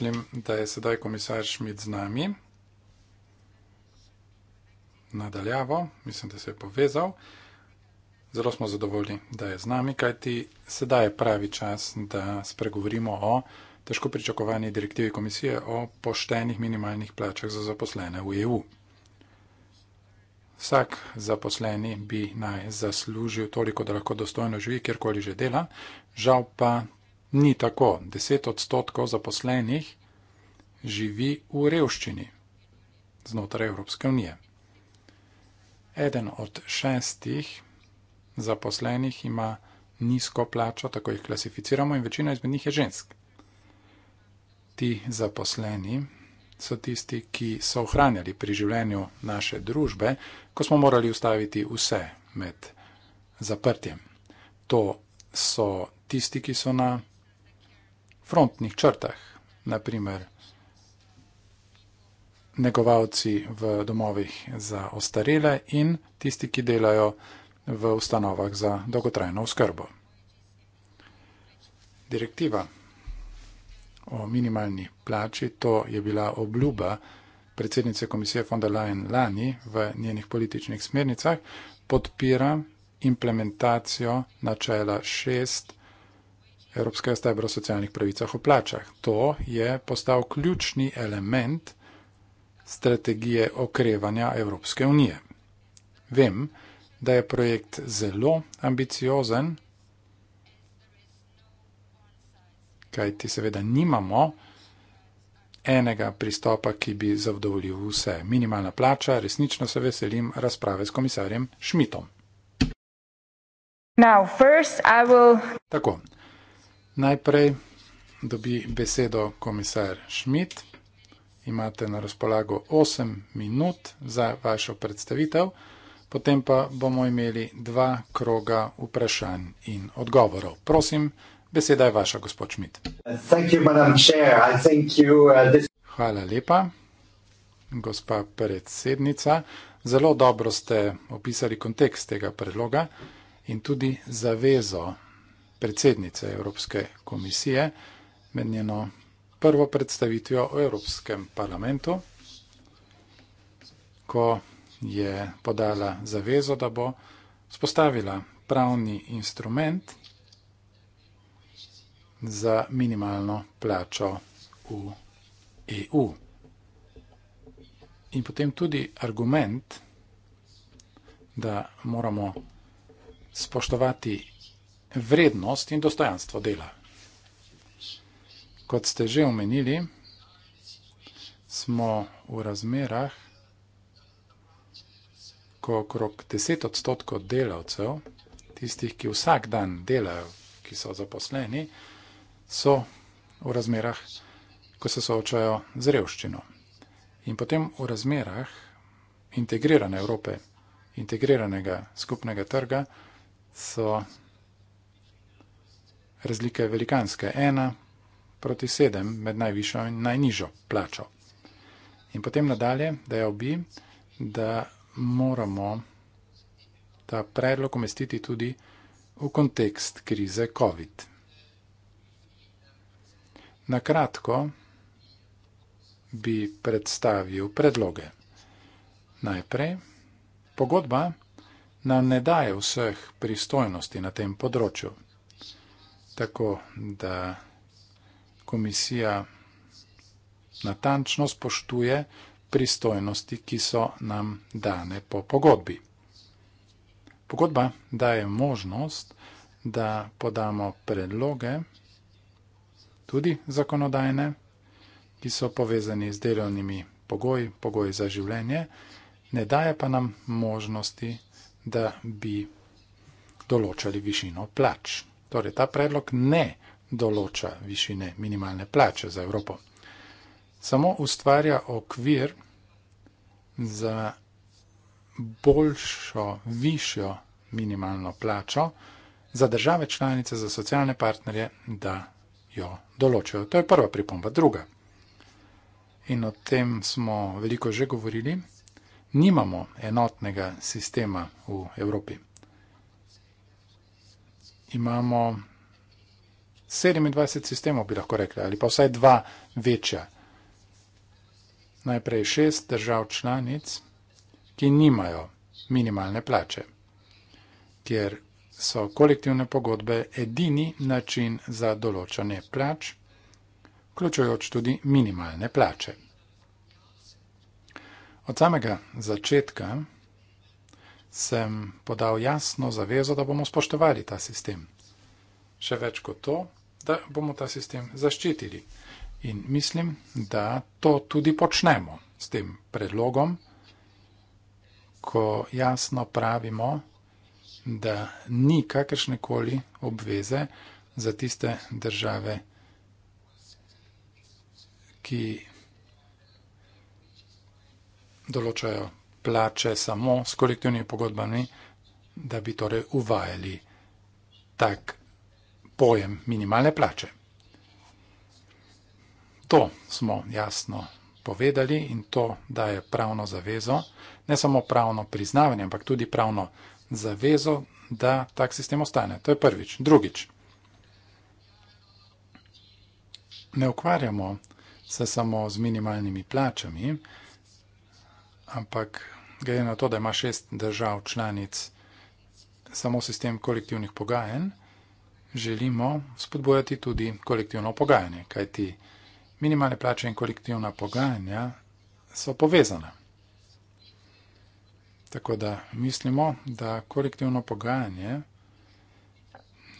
Mislim, da je sedaj komisar Šmit z nami. Nadaljavo, mislim, da se je povezal. Zelo smo zadovoljni, da je z nami, kajti sedaj je pravi čas, da spregovorimo o težko pričakovani direktivi komisije o poštenih minimalnih plačah za zaposlene v EU. Vsak zaposleni bi naj zaslužil toliko, da lahko dostojno živi, kjerkoli že dela, žal pa Ni tako. Deset odstotkov zaposlenih živi v revščini znotraj Evropske unije. Eden od šestih zaposlenih ima nizko plačo, tako jih klasificiramo, in večina izmed njih je žensk. Ti zaposleni so tisti, ki so ohranjali pri življenju naše družbe, ko smo morali ustaviti vse med zaprtjem. To so tisti, ki so na frontnih črtah, naprimer negovalci v domovih za ostarele in tisti, ki delajo v ustanovah za dolgotrajno oskrbo. Direktiva o minimalni plači, to je bila obljuba predsednice komisije von der Leyen lani v njenih političnih smernicah, podpira implementacijo načela 6 Evropskega stebra o socialnih pravicah o plačah. To je postal ključni element strategije okrevanja Evropske unije. Vem, da je projekt zelo ambiciozen, kajti seveda nimamo enega pristopa, ki bi zavdovoljil vse. Minimalna plača, resnično se veselim razprave s komisarjem Šmitom. Now, first I will... Tako. Najprej dobi besedo komisar Schmidt. Imate na razpolago 8 minut za vašo predstavitev, potem pa bomo imeli dva kroga vprašanj in odgovorov. Prosim, beseda je vaša, gospod Schmidt. Uh, Hvala lepa, gospa predsednica. Zelo dobro ste opisali kontekst tega predloga in tudi zavezo predsednice Evropske komisije med njeno prvo predstavitvijo v Evropskem parlamentu, ko je podala zavezo, da bo spostavila pravni instrument za minimalno plačo v EU. In potem tudi argument, da moramo spoštovati vrednost in dostojanstvo dela. Kot ste že omenili, smo v razmerah, ko okrog 10 odstotkov delavcev, tistih, ki vsak dan delajo, ki so zaposleni, so v razmerah, ko se soočajo z revščino. In potem v razmerah integrirane Evrope, integriranega skupnega trga, so Razlika je velikanska, ena proti sedem med najvišjo in najnižjo plačo. In potem nadalje, da je obi, da moramo ta predlog umestiti tudi v kontekst krize COVID. Na kratko bi predstavil predloge. Najprej, pogodba nam ne daje vseh pristojnosti na tem področju tako, da komisija natančno spoštuje pristojnosti, ki so nam dane po pogodbi. Pogodba daje možnost, da podamo predloge, tudi zakonodajne, ki so povezani z delovnimi pogoji, pogoji za življenje, ne daje pa nam možnosti, da bi določali višino plač. Torej, ta predlog ne določa višine minimalne plače za Evropo. Samo ustvarja okvir za boljšo, višjo minimalno plačo za države članice, za socialne partnerje, da jo določijo. To je prva pripomba. Druga. In o tem smo veliko že govorili. Nimamo enotnega sistema v Evropi imamo 27 sistemov, bi lahko rekli, ali pa vsaj dva večja. Najprej šest držav članic, ki nimajo minimalne plače, kjer so kolektivne pogodbe edini način za določanje plač, vključujoč tudi minimalne plače. Od samega začetka sem podal jasno zavezo, da bomo spoštovali ta sistem. Še več kot to, da bomo ta sistem zaščitili. In mislim, da to tudi počnemo s tem predlogom, ko jasno pravimo, da ni kakršne koli obveze za tiste države, ki določajo plače samo s kolektivnimi pogodbami, da bi torej uvajali tak pojem minimalne plače. To smo jasno povedali in to daje pravno zavezo, ne samo pravno priznavanje, ampak tudi pravno zavezo, da tak sistem ostane. To je prvič. Drugič. Ne ukvarjamo se samo z minimalnimi plačami, ampak glede na to, da ima šest držav članic samo sistem kolektivnih pogajanj, želimo spodbojati tudi kolektivno pogajanje, kajti minimalne plače in kolektivna pogajanja so povezane. Tako da mislimo, da kolektivno pogajanje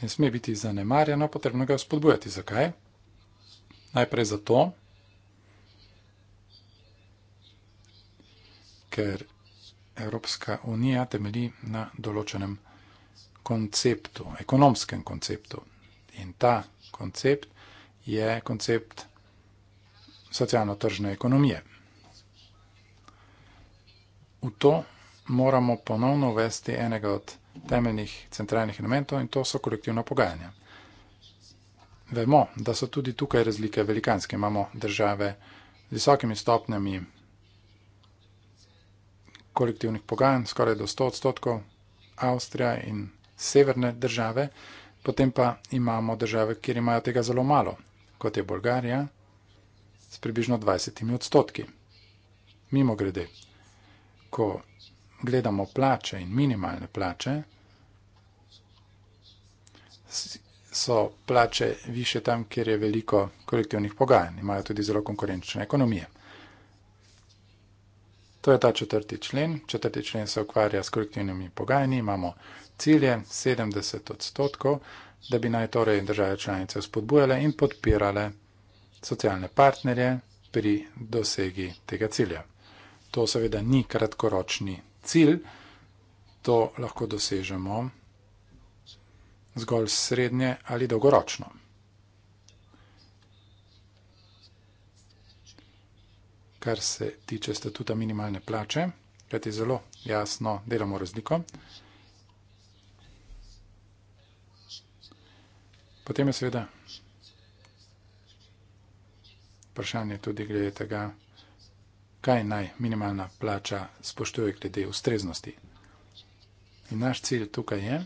ne sme biti zanemarjeno, potrebno ga spodbujati. Zakaj? Najprej zato, ker Evropska unija temelji na določenem konceptu, ekonomskem konceptu. In ta koncept je koncept socialno-tržne ekonomije. V to moramo ponovno uvesti enega od temeljnih centralnih elementov in to so kolektivna pogajanja. Vemo, da so tudi tukaj razlike velikanske. Imamo države z visokimi stopnjami kolektivnih pogajanj, skoraj do 100 odstotkov Avstrija in severne države, potem pa imamo države, kjer imajo tega zelo malo, kot je Bolgarija, s približno 20 odstotki. Mimo grede, ko gledamo plače in minimalne plače, so plače više tam, kjer je veliko kolektivnih pogajanj, imajo tudi zelo konkurenčne ekonomije. To je ta četrti člen. Četrti člen se ukvarja s kolektivnimi pogajanji. Imamo cilje 70 odstotkov, da bi naj torej države članice spodbujale in podpirale socialne partnerje pri dosegi tega cilja. To seveda ni kratkoročni cilj, to lahko dosežemo zgolj srednje ali dolgoročno. kar se tiče statuta minimalne plače, kajti zelo jasno delamo razliko. Potem je seveda vprašanje tudi glede tega, kaj naj minimalna plača spoštuje glede ustreznosti. In naš cilj tukaj je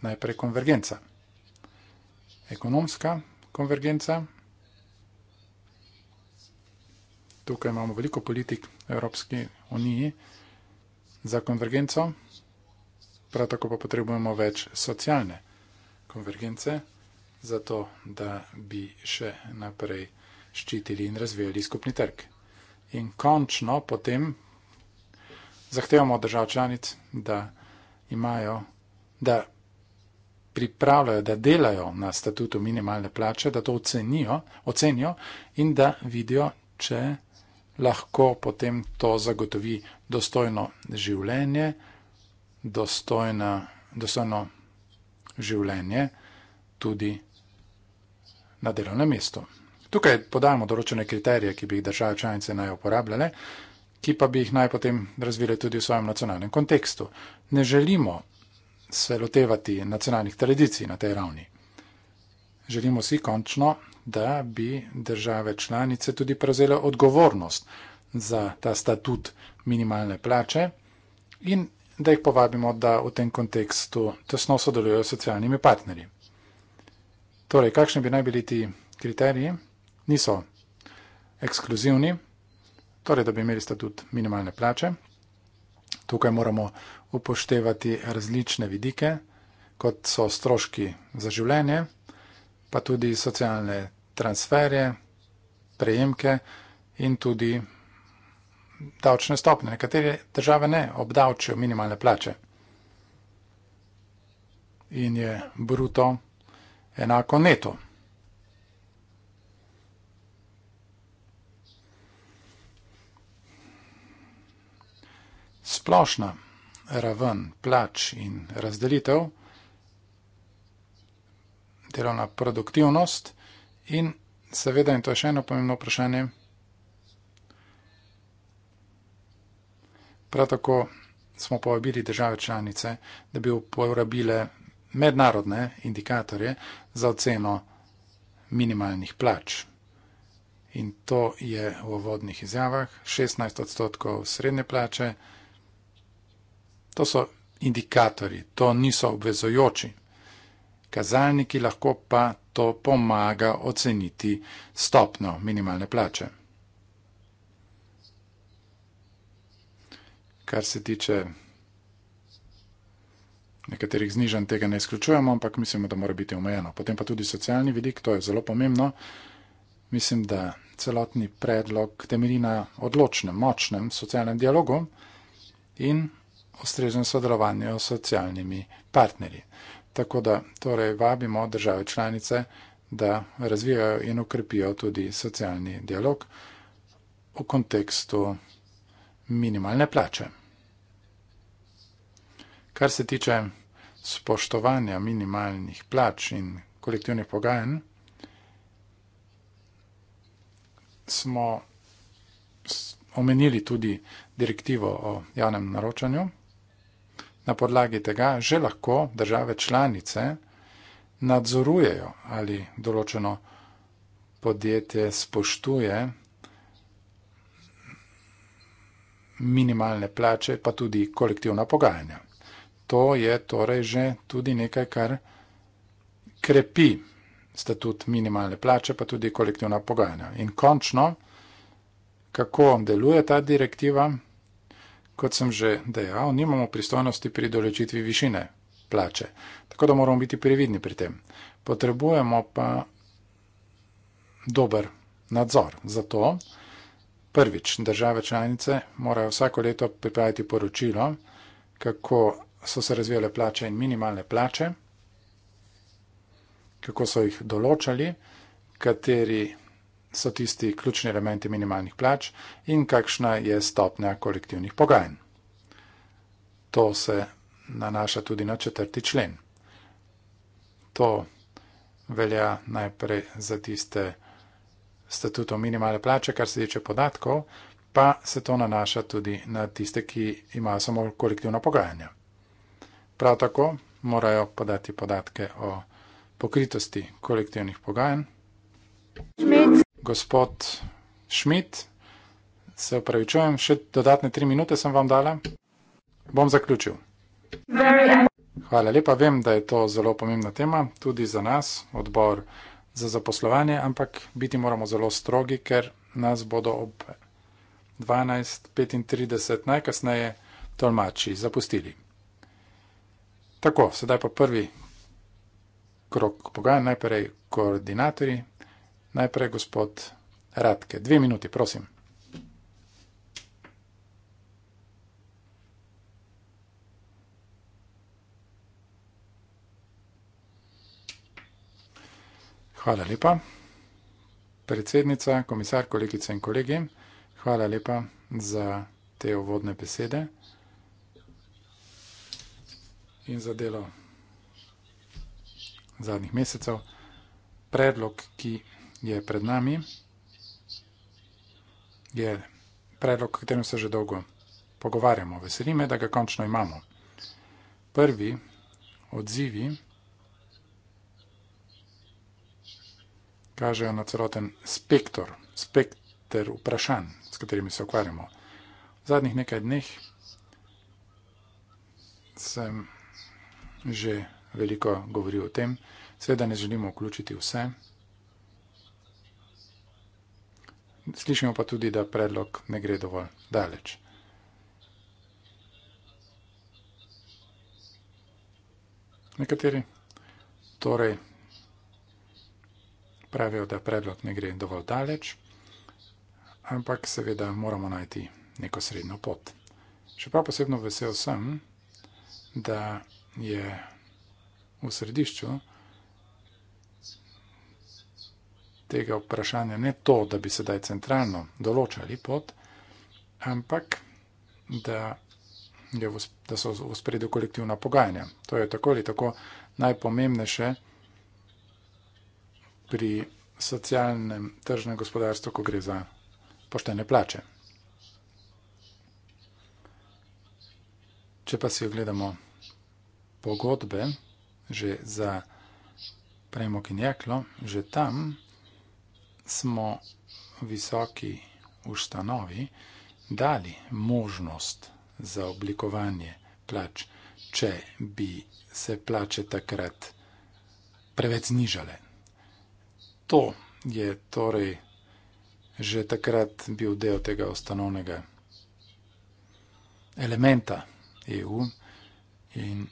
najprej konvergenca. Ekonomska konvergenca. tukaj imamo veliko politik v Evropski uniji za konvergenco, prav tako pa potrebujemo več socialne konvergence, zato da bi še naprej ščitili in razvijali skupni trg. In končno potem zahtevamo od držav članic, da imajo, da pripravljajo, da delajo na statutu minimalne plače, da to ocenijo, ocenijo in da vidijo, če lahko potem to zagotovi dostojno življenje, dostojna, dostojno življenje tudi na delovnem mestu. Tukaj podajamo določene kriterije, ki bi jih države članice naj uporabljale, ki pa bi jih naj potem razvile tudi v svojem nacionalnem kontekstu. Ne želimo se lotevati nacionalnih tradicij na tej ravni. Želimo si končno da bi države članice tudi prevzele odgovornost za ta statut minimalne plače in da jih povabimo, da v tem kontekstu tesno sodelujo s socialnimi partnerji. Torej, kakšni bi naj bili ti kriteriji? Niso ekskluzivni, torej, da bi imeli statut minimalne plače. Tukaj moramo upoštevati različne vidike, kot so stroški za življenje, pa tudi socialne transferje, prejemke in tudi davčne stopne. Nekatere države ne obdavčijo minimalne plače in je bruto enako neto. Splošna raven plač in razdelitev, delovna produktivnost In seveda, in to je še eno pomembno vprašanje, prav tako smo povabili države članice, da bi uporabile mednarodne indikatorje za oceno minimalnih plač. In to je v vodnih izjavah 16 odstotkov srednje plače. To so indikatorji, to niso obvezojoči. Kazalniki lahko pa to pomaga oceniti stopno minimalne plače. Kar se tiče nekaterih znižanj, tega ne izključujemo, ampak mislimo, da mora biti omejeno. Potem pa tudi socialni vidik, to je zelo pomembno. Mislim, da celotni predlog temelji na odločnem, močnem socialnem dialogu in ustreznem sodelovanju s socialnimi partnerji. Tako da torej vabimo države članice, da razvijajo in ukrepijo tudi socialni dialog v kontekstu minimalne plače. Kar se tiče spoštovanja minimalnih plač in kolektivnih pogajanj, smo omenili tudi direktivo o javnem naročanju. Na podlagi tega že lahko države članice nadzorujejo ali določeno podjetje spoštuje minimalne plače, pa tudi kolektivna pogajanja. To je torej že tudi nekaj, kar krepi statut minimalne plače, pa tudi kolektivna pogajanja. In končno, kako deluje ta direktiva? kot sem že dejal, nimamo pristojnosti pri določitvi višine plače, tako da moramo biti previdni pri tem. Potrebujemo pa dober nadzor. Zato prvič države članice morajo vsako leto pripraviti poročilo, kako so se razvijale plače in minimalne plače, kako so jih določali, kateri so tisti ključni elementi minimalnih plač in kakšna je stopnja kolektivnih pogajanj. To se nanaša tudi na četrti člen. To velja najprej za tiste statuto minimalne plače, kar se tiče podatkov, pa se to nanaša tudi na tiste, ki imajo samo kolektivna pogajanja. Prav tako morajo podati podatke o pokritosti kolektivnih pogajanj. Šmec gospod Šmit. Se upravičujem, še dodatne tri minute sem vam dala. Bom zaključil. Hvala lepa, vem, da je to zelo pomembna tema, tudi za nas, odbor za zaposlovanje, ampak biti moramo zelo strogi, ker nas bodo ob 12.35 najkasneje tolmači zapustili. Tako, sedaj pa prvi krok pogajanj, najprej koordinatorji. Najprej gospod Radke. Dve minuti, prosim. Hvala lepa. Predsednica, komisar, kolegice in kolegi, hvala lepa za te uvodne besede in za delo zadnjih mesecev. Predlog, ki je pred nami, je predlog, o katerem se že dolgo pogovarjamo. Veseli me, da ga končno imamo. Prvi odzivi kažejo na celoten spektr, spektr vprašanj, s katerimi se ukvarjamo. V zadnjih nekaj dneh sem že veliko govoril o tem, seveda ne želimo vključiti vse. slišimo pa tudi, da predlog ne gre dovolj daleč. Nekateri torej pravijo, da predlog ne gre dovolj daleč, ampak seveda moramo najti neko srednjo pot. Še pa posebno vesel sem, da je v središču tega vprašanja ne to, da bi sedaj centralno določali pot, ampak da, v, da so v spredju kolektivna pogajanja. To je tako ali tako najpomembnejše pri socialnem tržnem gospodarstvu, ko gre za poštene plače. Če pa si ogledamo pogodbe že za premog in jeklo, že tam smo visoki ustanovi dali možnost za oblikovanje plač, če bi se plače takrat preveč znižale. To je torej že takrat bil del tega ustanovnega elementa EU in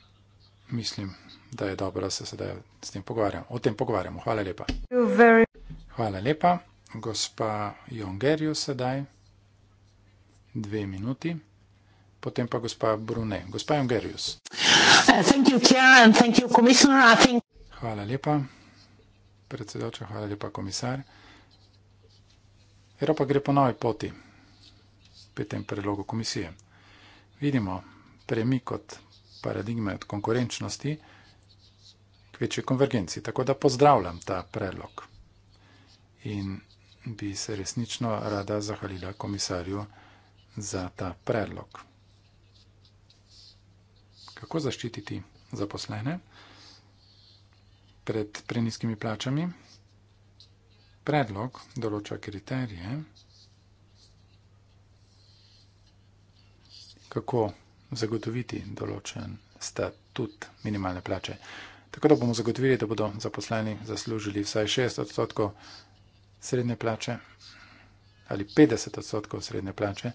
mislim, da je dobro, da se sedaj s tem pogovarjamo. O tem pogovarjamo. Hvala lepa. Hvala lepa. Gospa Jongerju sedaj dve minuti. Potem pa gospa Brune. Gospa Jongerius. Eh, hvala lepa, predsedoča, hvala lepa, komisar. Evropa gre po novi poti pri tem predlogu komisije. Vidimo premik od paradigme od konkurenčnosti k večji konvergenci, tako da pozdravljam ta predlog in bi se resnično rada zahvalila komisarju za ta predlog. Kako zaščititi zaposlene pred preniskimi plačami? Predlog določa kriterije, kako zagotoviti določen statut minimalne plače. Tako da bomo zagotovili, da bodo zaposleni zaslužili vsaj 6 odstotkov srednje plače ali 50 odstotkov srednje plače,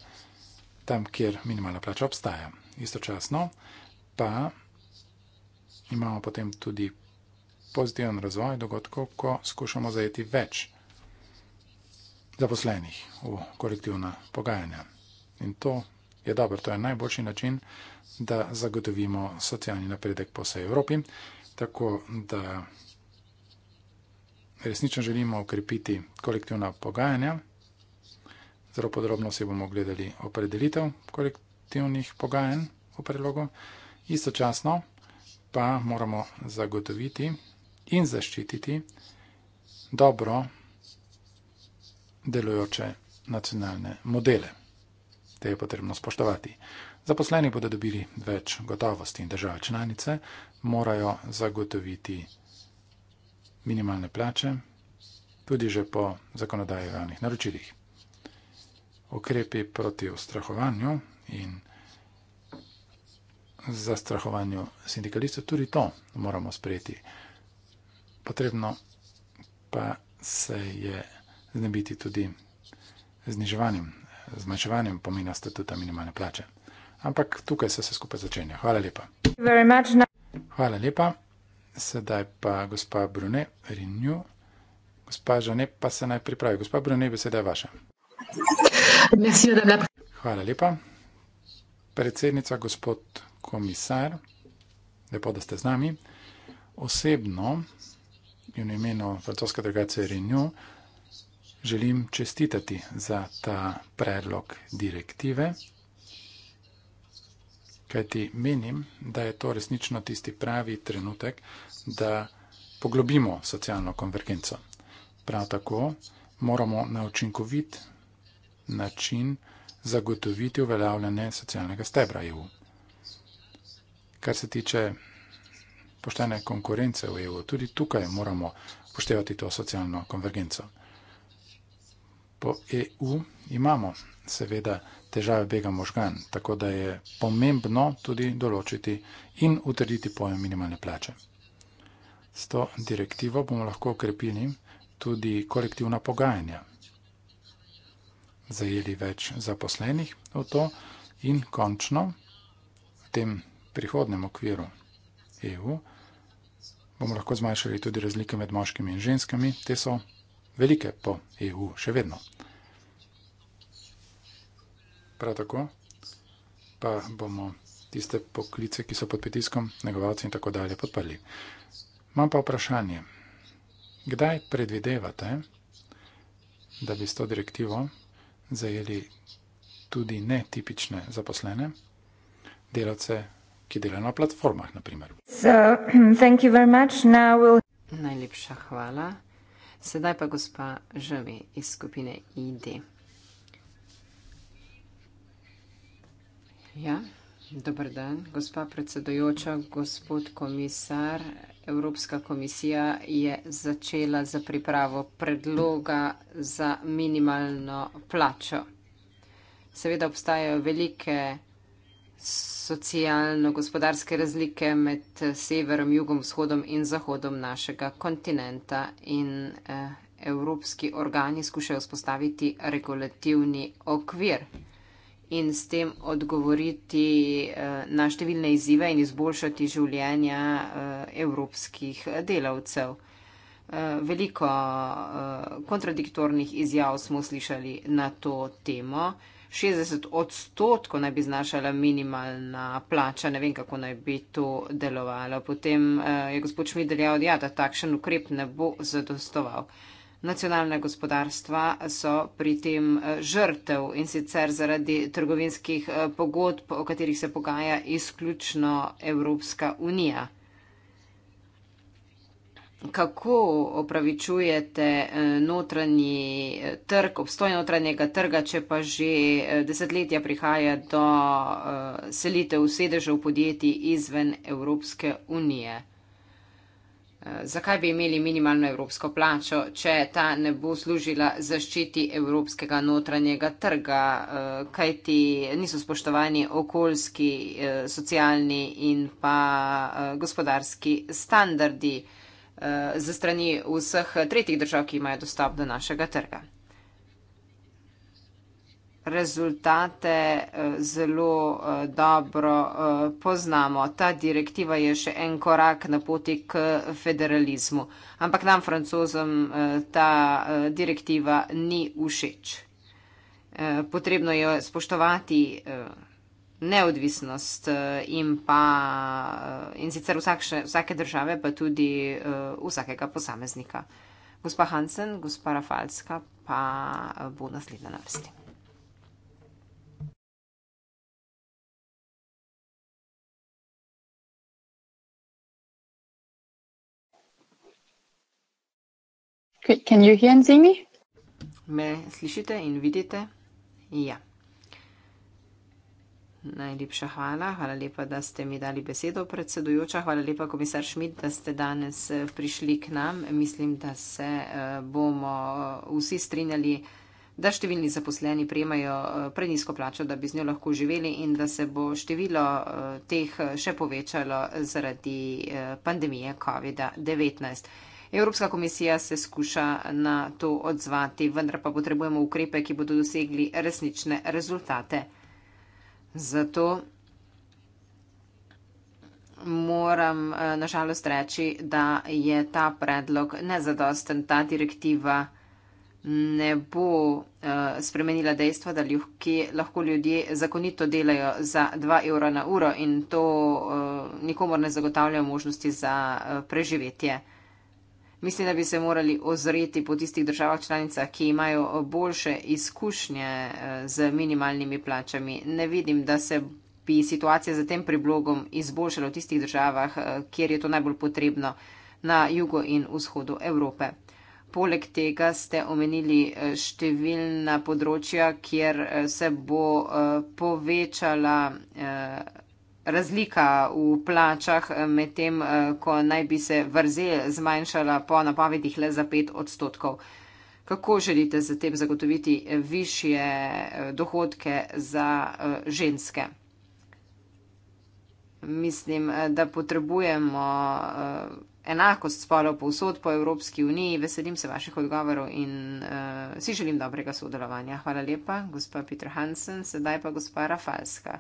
tam, kjer minimalna plača obstaja. Istočasno pa imamo potem tudi pozitiven razvoj dogodkov, ko skušamo zajeti več zaposlenih v kolektivna pogajanja. In to je dobro, to je najboljši način, da zagotovimo socialni napredek po vsej Evropi, tako da resnično želimo ukrepiti kolektivna pogajanja. Zelo podrobno si bomo gledali opredelitev kolektivnih pogajanj v predlogu. Istočasno pa moramo zagotoviti in zaščititi dobro delujoče nacionalne modele. Te je potrebno spoštovati. Zaposleni bodo dobili več gotovosti in države članice morajo zagotoviti minimalne plače, tudi že po zakonodaji javnih naročilih. Okrepi proti ustrahovanju in zastrahovanju sindikalistov, tudi to moramo sprejeti. Potrebno pa se je znebiti tudi zniževanjem, zmanjševanjem pomena statuta minimalne plače. Ampak tukaj se vse skupaj začenja. Hvala lepa. Hvala lepa. Sedaj pa gospa Brune, Renju. Gospa Žane, pa se naj pripravi. Gospa Brune, beseda je vaša. Hvala lepa. Predsednica, gospod komisar, lepo, da ste z nami. Osebno in v imenu francoske delegacije Renju želim čestitati za ta predlog direktive kajti menim, da je to resnično tisti pravi trenutek, da poglobimo socialno konvergenco. Prav tako moramo na učinkovit način zagotoviti uveljavljanje socialnega stebra EU. Kar se tiče poštene konkurence v EU, tudi tukaj moramo poštevati to socialno konvergenco. Po EU imamo seveda težave bega možgan. Tako da je pomembno tudi določiti in utrditi pojem minimalne plače. S to direktivo bomo lahko okrepili tudi kolektivna pogajanja. Zajeli več zaposlenih v to in končno v tem prihodnem okviru EU bomo lahko zmanjšali tudi razlike med moškimi in ženskami. Te so velike po EU še vedno. Prav tako pa bomo tiste poklice, ki so pod pritiskom, negovalci in tako dalje, podprli. Imam pa vprašanje, kdaj predvidevate, da bi s to direktivo zajeli tudi netipične zaposlene, delavce, ki delajo na platformah, naprimer? So, thank you very much. Now we'll... Najlepša hvala. Sedaj pa gospa Žavi iz skupine IDEA. Ja, dobr dan, gospa predsedojoča, gospod komisar. Evropska komisija je začela za pripravo predloga za minimalno plačo. Seveda obstajajo velike socialno-gospodarske razlike med severom, jugom, vzhodom in zahodom našega kontinenta in eh, evropski organi skušajo spostaviti regulativni okvir in s tem odgovoriti eh, na številne izzive in izboljšati življenja eh, evropskih delavcev. Eh, veliko kontradiktornih izjav smo slišali na to temo. 60 odstotkov naj bi znašala minimalna plača, ne vem, kako naj bi to delovalo. Potem je gospod Šmidrjav, ja, da takšen ukrep ne bo zadostoval nacionalne gospodarstva so pri tem eh, žrtev in sicer zaradi trgovinskih eh, pogodb, o katerih se pogaja izključno Evropska unija. Kako opravičujete eh, notranji trg, obstoj notranjega trga, če pa že desetletja prihaja do selitev sedežev podjetij izven Evropske unije? zakaj bi imeli minimalno evropsko plačo, če ta ne bo služila zaščiti evropskega notranjega trga, eh, kaj ti niso spoštovani okoljski, eh, socialni in pa eh, gospodarski standardi za strani vseh tretjih držav, ki imajo dostop do našega trga rezultate eh, zelo eh, dobro eh, poznamo. Ta direktiva je še en korak na poti k federalizmu. Ampak nam, francozom, ta direktiva ni všeč. Potrebno je spoštovati neodvisnost in pa in sicer vsakše, vsake države, pa tudi vsakega posameznika. Gospa Hansen, gospa Rafalska pa bo naslednja na vrsti. Can you hear and see me? Me slišite in vidite? Ja. Najlepša hvala. Hvala lepa, da ste mi dali besedo, predsedujoča. Hvala lepa, komisar Šmit, da ste danes eh, prišli k nam. Mislim, da se eh, bomo eh, vsi strinjali, da številni zaposleni prejmajo prenisko plačo, da bi z njo lahko živeli in da se bo število teh še povečalo zaradi pandemije COVID-19. Evropska komisija se skuša na to odzvati, vendar pa potrebujemo ukrepe, ki bodo dosegli resnične rezultate. Zato moram eh, nažalost reči, da je ta predlog nezadosten, ta direktiva ne bo uh, spremenila dejstva, da ljuhki, lahko ljudje zakonito delajo za 2 evra na uro in to uh, eh, nikomor ne zagotavlja možnosti za uh, preživetje. Mislim, da bi se morali ozreti po tistih državah članicah, ki imajo boljše izkušnje eh, z minimalnimi plačami. Ne vidim, da se bi situacija z tem priblogom izboljšala v tistih državah, eh, kjer je to najbolj potrebno na jugu in vzhodu Evrope. Poleg tega ste omenili eh, številna področja, kjer se bo povečala razlika v plačah, medtem eh, ko naj bi se vrzel zmanjšala po napovedih le za pet odstotkov. Kako želite za tem zagotoviti višje eh, dohodke za eh, ženske? Mislim, da potrebujemo enakost spolov povsod po Evropski uniji. Veselim se vaših odgovorov in uh, si želim dobrega sodelovanja. Hvala lepa, gospa Peter Hansen, sedaj pa gospa Rafalska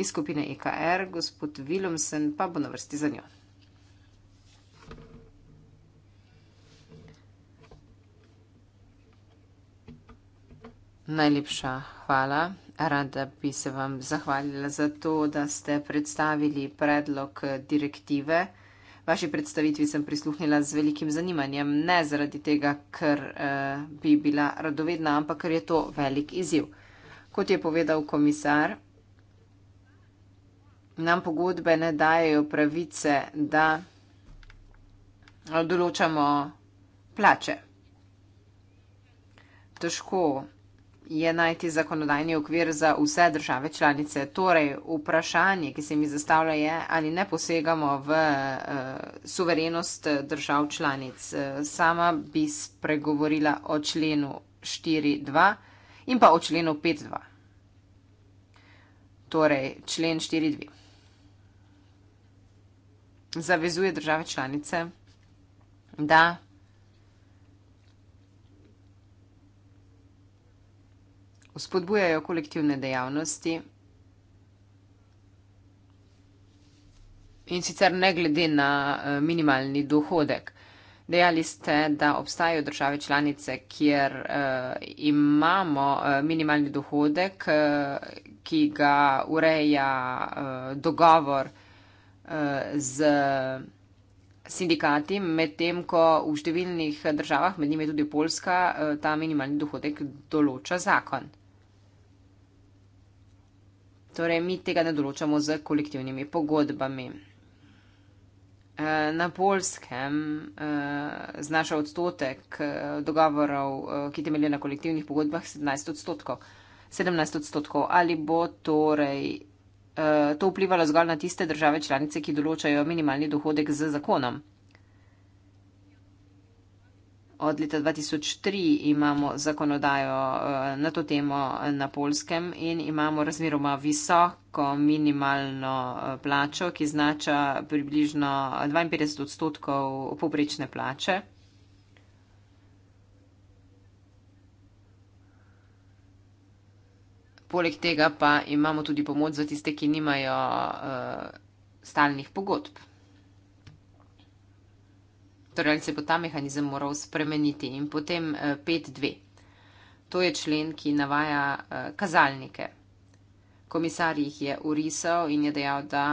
iz skupine EKR, gospod Willemsen pa bo na vrsti za njo. Najlepša hvala. Rada bi se vam zahvalila za to, da ste predstavili predlog direktive. Vaši predstavitvi sem prisluhnila z velikim zanimanjem, ne zaradi tega, ker eh, bi bila radovedna, ampak ker je to velik izziv. Kot je povedal komisar, nam pogodbe ne dajo pravice, da določamo plače. Težko je najti zakonodajni okvir za vse države članice. Torej, vprašanje, ki se mi zastavlja, je, ali ne posegamo v uh, suverenost držav članic. Uh, sama bi spregovorila o členu 4.2 in pa o členu 5.2. Torej, člen 4.2 zavezuje države članice, da spodbujajo kolektivne dejavnosti in sicer ne glede na eh, minimalni dohodek. Dejali ste, da obstajajo države članice, kjer uh, imamo eh, minimalni dohodek, uh, ki ga ureja uh, dogovor uh, z sindikati, medtem ko v številnih državah, med njimi tudi Poljska, eh, ta minimalni dohodek določa zakon. Torej, mi tega ne določamo z kolektivnimi pogodbami. Eh, na polskem eh, znaša odstotek dogovorov, ki temeljijo na kolektivnih pogodbah, 17 odstotkov. 17 odstotkov. Ali bo torej Eh, to vplivalo zgolj na tiste države članice, ki določajo minimalni dohodek z zakonom. Od leta 2003 imamo zakonodajo eh, na to temo na polskem in imamo razmeroma visoko minimalno eh, plačo, ki znača približno 52 odstotkov poprečne plače. Poleg tega pa imamo tudi pomoč za tiste, ki nimajo uh, stalnih pogodb. Torej, ali se bo ta mehanizem moral spremeniti in potem uh, eh, 5.2. To je člen, ki navaja uh, kazalnike. Komisar jih je urisal in je dejal, da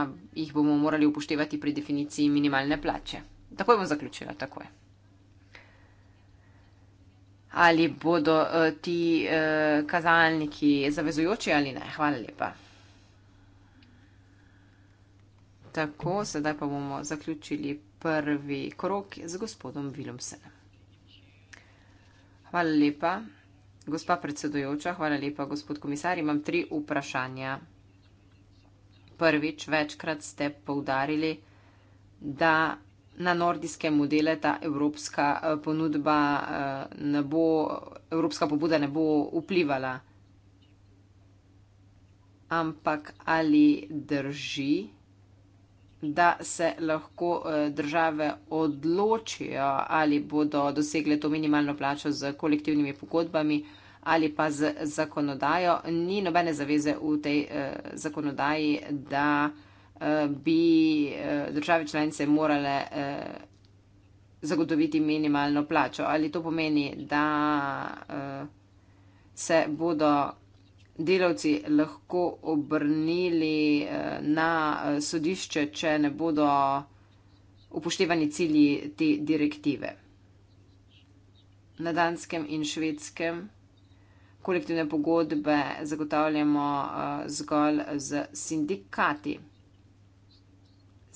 jih bomo morali upoštevati pri definiciji minimalne plače. Takoj bom zaključila, takoj ali bodo uh, ti uh, kazalniki zavezujoči ali ne. Hvala lepa. Tako, sedaj pa bomo zaključili prvi krok z gospodom Vilumsenem. Hvala lepa, gospa predsedujoča, hvala lepa, gospod komisar. Imam tri vprašanja. Prvič, večkrat ste poudarili, da na nordijske modele ta evropska eh, ponudba eh, ne bo, evropska pobuda ne bo vplivala. Ampak ali drži, da se lahko eh, države odločijo, ali bodo dosegle to minimalno plačo z kolektivnimi pogodbami ali pa z zakonodajo, ni nobene zaveze v tej eh, zakonodaji, da eh, bi eh, države članice morale eh, zagotoviti minimalno plačo. Ali to pomeni, da eh, se bodo delavci lahko obrnili na sodišče, če ne bodo upoštevani cilji te direktive. Na danskem in švedskem kolektivne pogodbe zagotavljamo zgolj z sindikati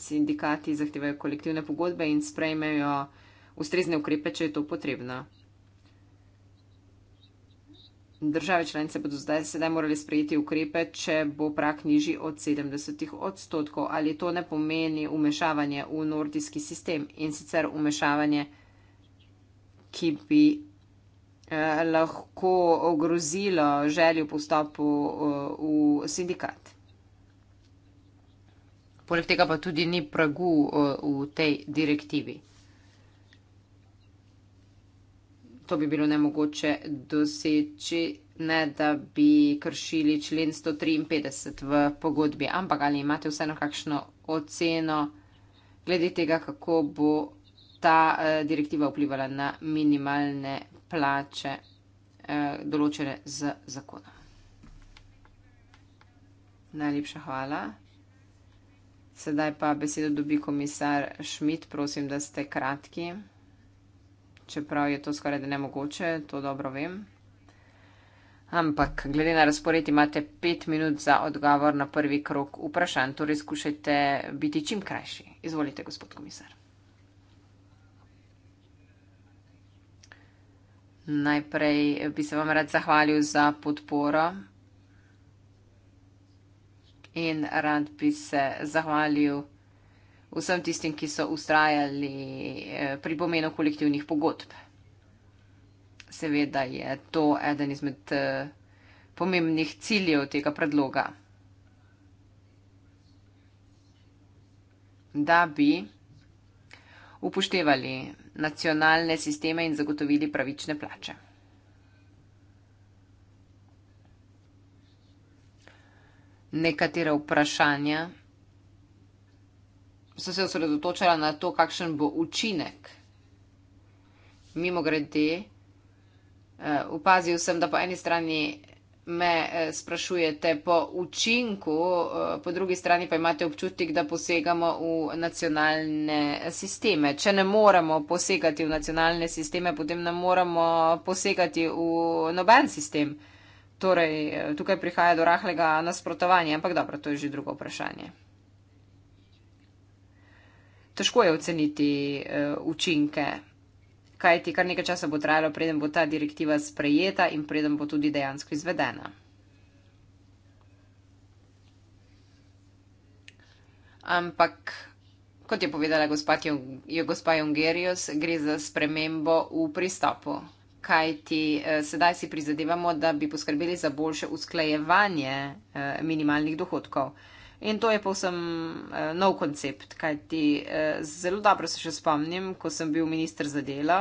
sindikati zahtevajo kolektivne pogodbe in sprejmejo ustrezne ukrepe, če je to potrebno. Države članice bodo zdaj sedaj morali sprejeti ukrepe, če bo prak nižji od 70 odstotkov. Ali to ne pomeni umešavanje v nordijski sistem in sicer umešavanje, ki bi eh, lahko ogrozilo željo po vstopu eh, v sindikat? poleg tega pa tudi ni pragu eh, v tej direktivi. To bi bilo nemogoče doseči, ne da bi kršili člen 153 v pogodbi, ampak ali imate vseeno kakšno oceno glede tega, kako bo ta eh, direktiva vplivala na minimalne plače eh, določene z zakonom. Najlepša hvala. Sedaj pa besedo dobi komisar Šmit. Prosim, da ste kratki. Čeprav je to skoraj da nemogoče, to dobro vem. Ampak glede na razpored imate pet minut za odgovor na prvi krok vprašanj, torej skušajte biti čim krajši. Izvolite, gospod komisar. Najprej bi se vam rad zahvalil za podporo in rad bi se zahvalil vsem tistim, ki so ustrajali eh, pri pomenu kolektivnih pogodb. Seveda je to eden izmed eh, pomembnih ciljev tega predloga. Da bi upoštevali nacionalne sisteme in zagotovili pravične plače. nekatera vprašanja, so se osredotočala na to, kakšen bo učinek. Mimo grede, upazil eh, sem, da po eni strani me eh, sprašujete po učinku, eh, po drugi strani pa imate občutek, da posegamo v nacionalne sisteme. Če ne moremo posegati v nacionalne sisteme, potem ne moremo posegati v noben sistem. Torej, tukaj prihaja do rahlega nasprotovanja, ampak dobro, to je že drugo vprašanje. Težko je oceniti uh, učinke, kaj ti kar nekaj časa bo trajalo, preden bo ta direktiva sprejeta in preden bo tudi dejansko izvedena. Ampak, kot je povedala gospa Jungerius, gre za spremembo v pristopu kaj ti eh, sedaj si prizadevamo, da bi poskrbeli za boljše usklajevanje eh, minimalnih dohodkov. In to je povsem eh, nov koncept, kaj ti eh, zelo dobro se še spomnim, ko sem bil minister za delo,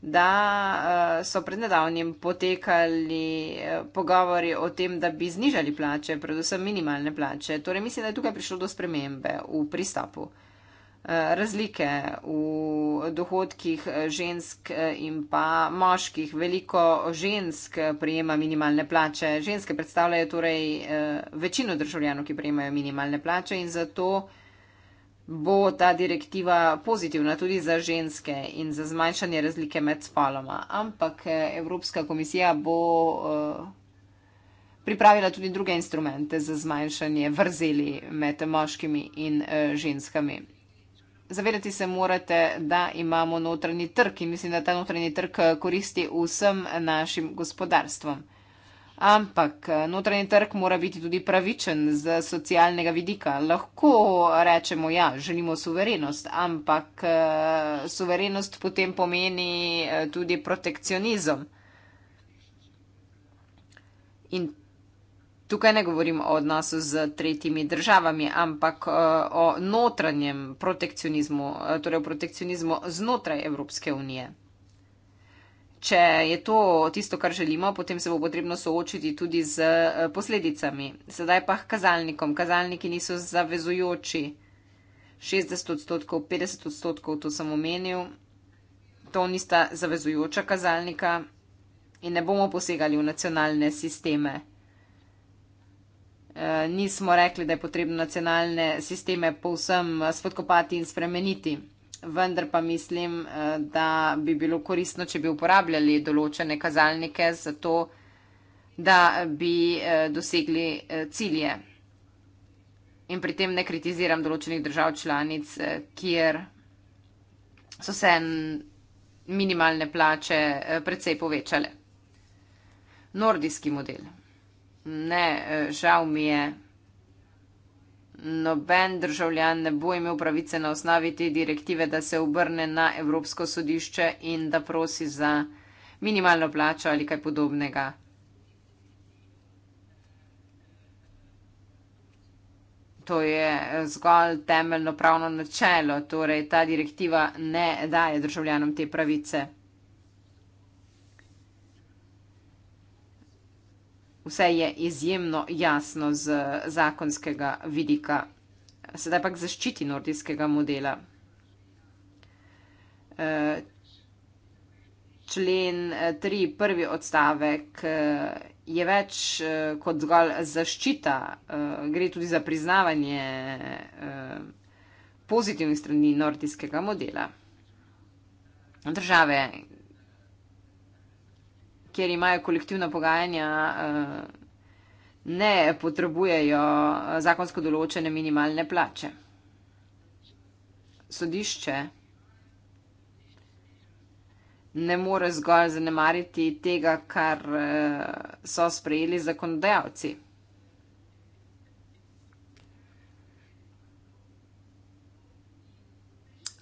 da eh, so pred nedavnim potekali eh, pogovori o tem, da bi znižali plače, predvsem minimalne plače. Torej mislim, da je tukaj prišlo do spremembe v pristopu. Eh, Eh, razlike v dohodkih žensk in pa moških. Veliko žensk prijema minimalne plače. Ženske predstavljajo torej eh, večino državljanov, ki prijemajo minimalne plače in zato bo ta direktiva pozitivna tudi za ženske in za zmanjšanje razlike med spoloma. Ampak eh, Evropska komisija bo pripravila tudi druge instrumente za zmanjšanje vrzeli med moškimi in ženskami. Zavedati se morate, da imamo notranji trg in mislim, da ta notranji trg eh, koristi vsem našim gospodarstvom. Ampak eh, notranji trg mora biti tudi pravičen z socialnega vidika. Lahko rečemo, ja, želimo suverenost, ampak eh, suverenost potem pomeni tudi protekcionizem. In Tukaj ne govorim o odnosu z tretjimi državami, ampak eh, o notranjem protekcionizmu, eh, torej o protekcionizmu znotraj Evropske unije. Če je to tisto, kar želimo, potem se bo potrebno soočiti tudi z eh, posledicami. Sedaj pa kazalnikom. Kazalniki niso zavezujoči. 60 odstotkov, 50 odstotkov, to sem omenil. To nista zavezujoča kazalnika in ne bomo posegali v nacionalne sisteme. Eh, nismo rekli, da je potrebno nacionalne sisteme povsem eh, spodkopati in spremeniti. Vendar pa mislim, eh, da bi bilo koristno, če bi uporabljali določene kazalnike za to, da bi dosegli cilje. In pri tem ne kritiziram določenih držav članic, kjer so se minimalne plače precej povečale. Nordijski model ne, e, žal mi je. Noben državljan ne bo imel pravice na osnovi te direktive, da se obrne na Evropsko sodišče in da prosi za minimalno plačo ali kaj podobnega. To je e, zgolj temeljno pravno načelo, torej ta direktiva ne daje državljanom te pravice. vse je izjemno jasno z zakonskega vidika. Sedaj pa k zaščiti nordijskega modela. Eh, člen 3, eh, prvi odstavek, eh, je več kot zgolj zaščita, gre tudi za priznavanje pozitivnih strani nordijskega modela. Države, kjer imajo kolektivna pogajanja, eh, ne potrebujejo zakonsko določene minimalne plače. Sodišče ne more zgolj zanemariti tega, kar eh, so sprejeli zakonodajalci.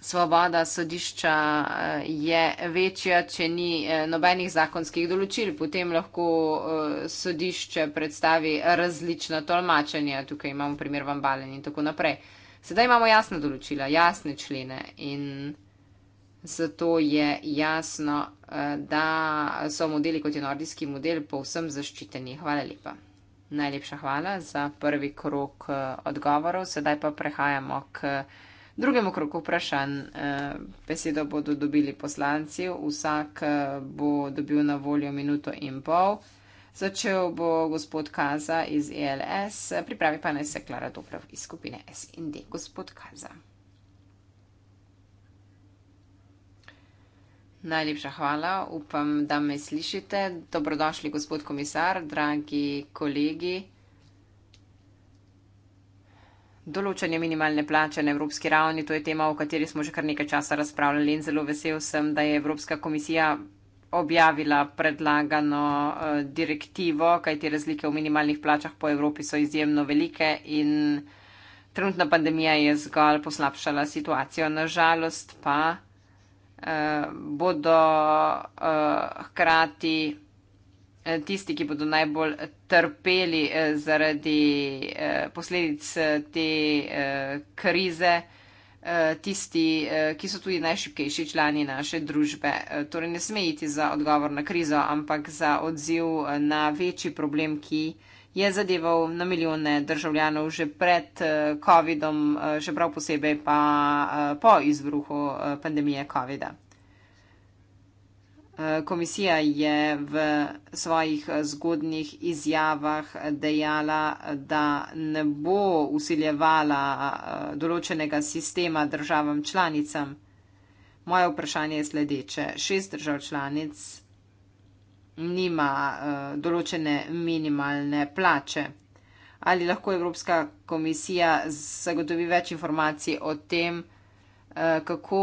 svoboda sodišča eh, je večja, če ni eh, nobenih zakonskih določil. Potem lahko eh, sodišče predstavi različna tolmačenja. Tukaj imamo primer vambalen in tako naprej. Sedaj imamo jasna določila, jasne člene in zato je jasno, da so modeli kot je nordijski model povsem zaščiteni. Hvala lepa. Najlepša hvala za prvi krok odgovorov. Sedaj pa prehajamo k drugemu kroku vprašanj. Eh, besedo bodo dobili poslanci, vsak eh, bo dobil na voljo minuto in pol. Začel bo gospod Kaza iz ELS, pripravi pa naj se Klara Dobrov iz skupine SND. Gospod Kaza. Najlepša hvala, upam, da me slišite. Dobrodošli, gospod komisar, dragi kolegi določanje minimalne plače na evropski ravni, to je tema, o kateri smo že kar nekaj časa razpravljali in zelo vesel sem, da je Evropska komisija objavila predlagano uh, direktivo, kajti razlike v minimalnih plačah po Evropi so izjemno velike in trenutna pandemija je zgolj poslabšala situacijo. Nažalost pa uh, bodo uh, hkrati tisti, ki bodo najbolj trpeli eh, zaradi eh, posledic eh, te krize, tisti, ki so tudi najšipkejši člani naše družbe. Torej ne sme iti za odgovor na krizo, ampak za odziv na večji problem, ki je zadeval na milijone državljanov že pred COVID-om, že prav posebej pa po izbruhu pandemije COVID-a. Eh, komisija je v svojih eh, zgodnjih izjavah dejala, da ne bo usiljevala eh, določenega sistema državam članicam. Moje vprašanje je sledeče. Šest držav članic nima določene minimalne plače. Ali lahko Evropska komisija zagotovi več informacij o tem, Eh, kako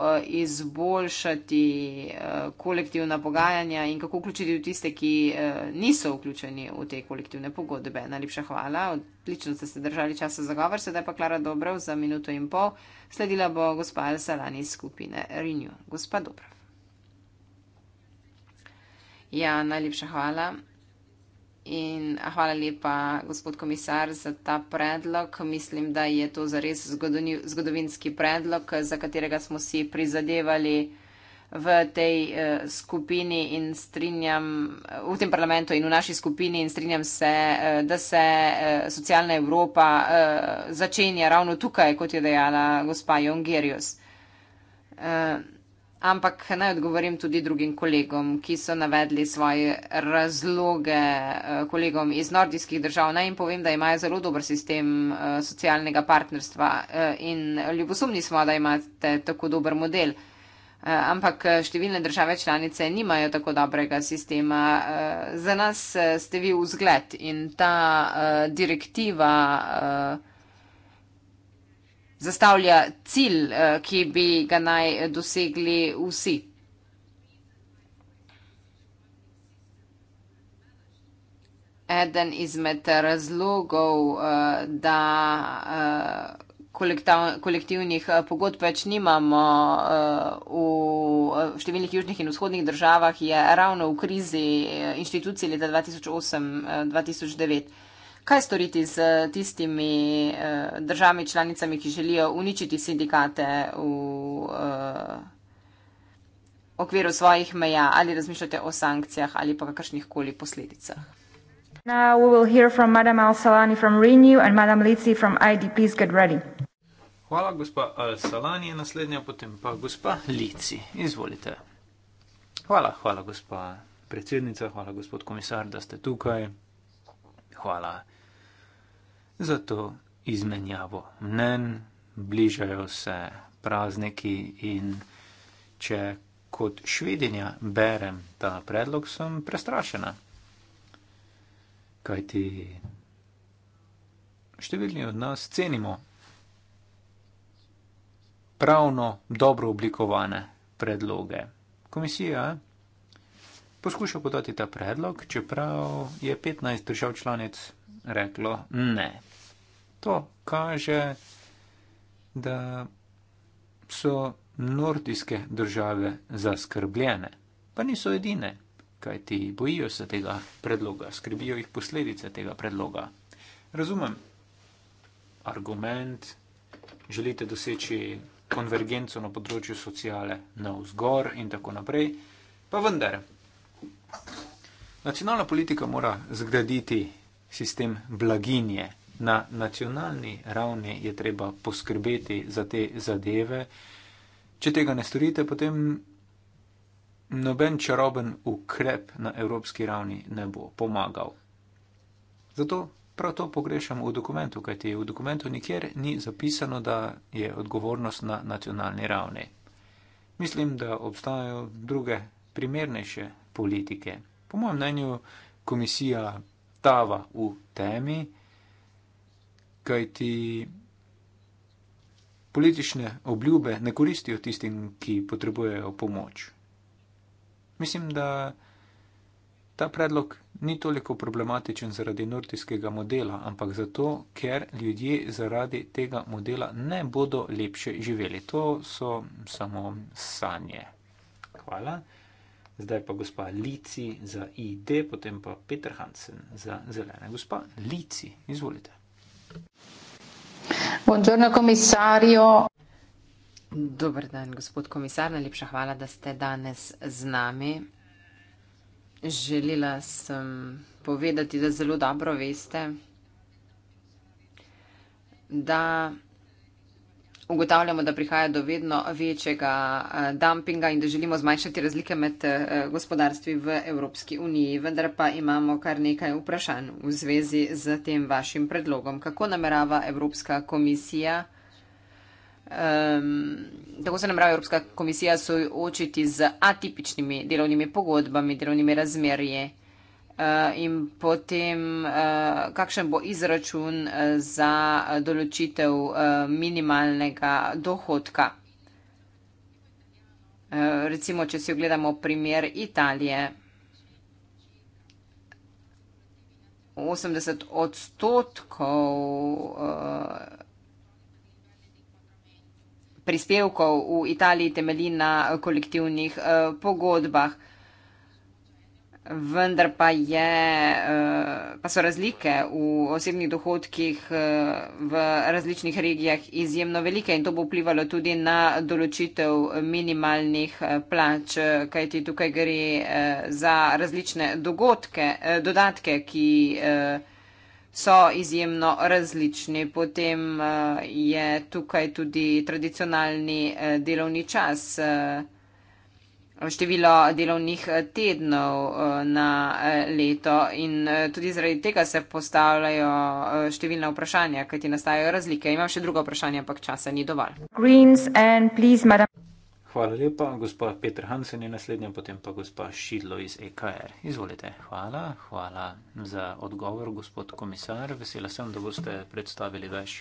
eh, izboljšati eh, kolektivna pogajanja in kako vključiti v tiste, ki niso vključeni v te kolektivne pogodbe. Najlepša hvala. Odlično ste se držali časa za govor, sedaj pa Klara Dobrov za minuto in pol. Sledila bo gospa Salani iz skupine Renew. Gospa Dobrov. Ja, najlepša hvala. In hvala lepa, gospod komisar, za ta predlog. Mislim, da je to zares zgodovinski predlog, za katerega smo si prizadevali v tej eh, skupini in strinjam, v tem parlamentu in v naši skupini in strinjam se, eh, da se eh, socialna Evropa začenja ravno tukaj, kot je dejala gospa Jongerius. Ampak naj odgovorim tudi drugim kolegom, ki so navedli svoje razloge eh, kolegom iz nordijskih držav. Naj jim povem, da imajo zelo dober sistem eh, socialnega partnerstva eh, in ljubosumni smo, da imate tako dober model. Ampak številne države članice nimajo tako dobrega sistema. Za nas ste vi vzgled in ta direktiva zastavlja cilj, eh, ki bi ga naj dosegli vsi. Eden izmed razlogov, eh, da eh, kolektivnih pogodb več nimamo v številnih južnih in vzhodnih državah, je ravno v krizi inštitucij leta 2008-2009 kaj storiti z tistimi uh, državami članicami, ki želijo uničiti sindikate v uh, okviru svojih meja, ali razmišljate o sankcijah ali pa kakršnih koli posledicah. Hvala, gospa Al-Salani je naslednja, potem pa gospa Lici. Izvolite. Hvala, hvala, gospa predsednica, hvala, gospod komisar, da ste tukaj. Hvala. Zato izmenjavo mnen, bližajo se prazniki in če kot švedinja berem ta predlog, sem prestrašena. Kaj ti številni od nas cenimo pravno dobro oblikovane predloge. Komisija poskuša podati ta predlog, čeprav je 15 držav članic reklo ne. To kaže, da so nordijske države zaskrbljene, pa niso edine, kaj ti bojijo se tega predloga, skrbijo jih posledice tega predloga. Razumem argument, želite doseči konvergenco na področju sociale na vzgor in tako naprej, pa vendar. Nacionalna politika mora zgraditi sistem blaginje. Na nacionalni ravni je treba poskrbeti za te zadeve. Če tega ne storite, potem noben čaroben ukrep na evropski ravni ne bo pomagal. Zato prav to pogrešam v dokumentu, kajti v dokumentu nikjer ni zapisano, da je odgovornost na nacionalni ravni. Mislim, da obstajajo druge primernejše politike. Po mojem mnenju, komisija tava v temi, kajti politične obljube ne koristijo tistim, ki potrebujejo pomoč. Mislim, da ta predlog ni toliko problematičen zaradi nordijskega modela, ampak zato, ker ljudje zaradi tega modela ne bodo lepše živeli. To so samo sanje. Hvala. Zdaj pa gospa Lici za ID, potem pa Peter Hansen za zelene. Gospa Lici, izvolite. Buongiorno, komisarjo. Dobr dan, gospod komisar. Najlepša hvala, da ste danes z nami. Želela sem povedati, da zelo dobro veste, da ugotavljamo, da prihaja do vedno večjega eh, dumpinga in da želimo zmanjšati razlike med eh, gospodarstvi v Evropski uniji. Vendar pa imamo kar nekaj vprašanj v zvezi z tem vašim predlogom. Kako namerava Evropska komisija? Um, tako se namerava Evropska komisija soočiti z atipičnimi delovnimi pogodbami, delovnimi razmerji. Eh, in potem uh, kakšen bo izračun eh, za določitev uh, minimalnega dohodka. Recimo, če si ogledamo primer Italije, 80 odstotkov prispevkov v Italiji temelji na kolektivnih pogodbah vendar pa, je, eh, pa so razlike v osebnih dohodkih eh, v različnih regijah izjemno velike in to bo vplivalo tudi na določitev minimalnih eh, plač, kajti tukaj gre za različne dogodke, dodatke, ki so izjemno različni. Potem je tukaj tudi tradicionalni delovni čas število delovnih eh, tednov eh, na eh, leto in tudi zaradi tega se postavljajo številna vprašanja, kajti nastajajo razlike. Imam še drugo vprašanje, ampak časa ni dovolj. Hvala lepa, gospa Petr Hansen je naslednja, potem pa gospa Šidlo iz EKR. Izvolite. Hvala, hvala za odgovor, gospod komisar. Vesela sem, da boste predstavili več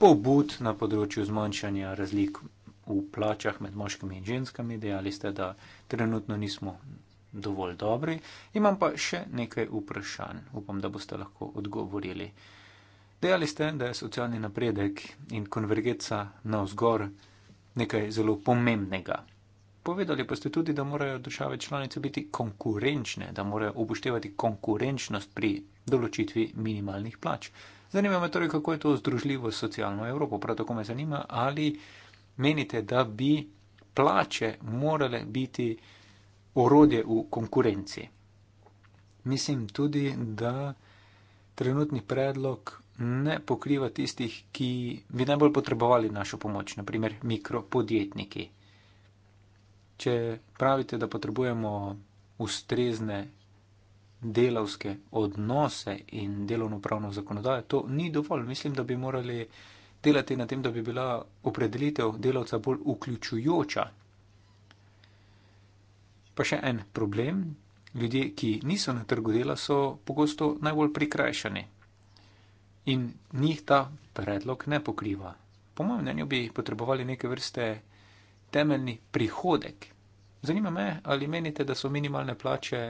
pobud na področju zmanjšanja razlik v plačah med moškimi in ženskami, dejali ste, da trenutno nismo dovolj dobri. Imam pa še nekaj vprašanj, upam, da boste lahko odgovorili. Dejali ste, da je socialni napredek in konvergenca na vzgor nekaj zelo pomembnega. Povedali pa ste tudi, da morajo države članice biti konkurenčne, da morajo upoštevati konkurenčnost pri določitvi minimalnih plač. Zanima me torej, kako je to združljivo s socialno Evropo. Prav tako me zanima, ali menite, da bi plače morale biti orodje v konkurenci. Mislim tudi, da trenutni predlog ne pokriva tistih, ki bi najbolj potrebovali našo pomoč, naprimer mikropodjetniki. Če pravite, da potrebujemo ustrezne delavske odnose in delovno pravno zakonodajo, to ni dovolj. Mislim, da bi morali delati na tem, da bi bila opredelitev delavca bolj vključujoča. Pa še en problem. Ljudje, ki niso na trgu dela, so pogosto najbolj prikrajšani in njih ta predlog ne pokriva. Po mojem mnenju bi potrebovali neke vrste temeljni prihodek. Zanima me, ali menite, da so minimalne plače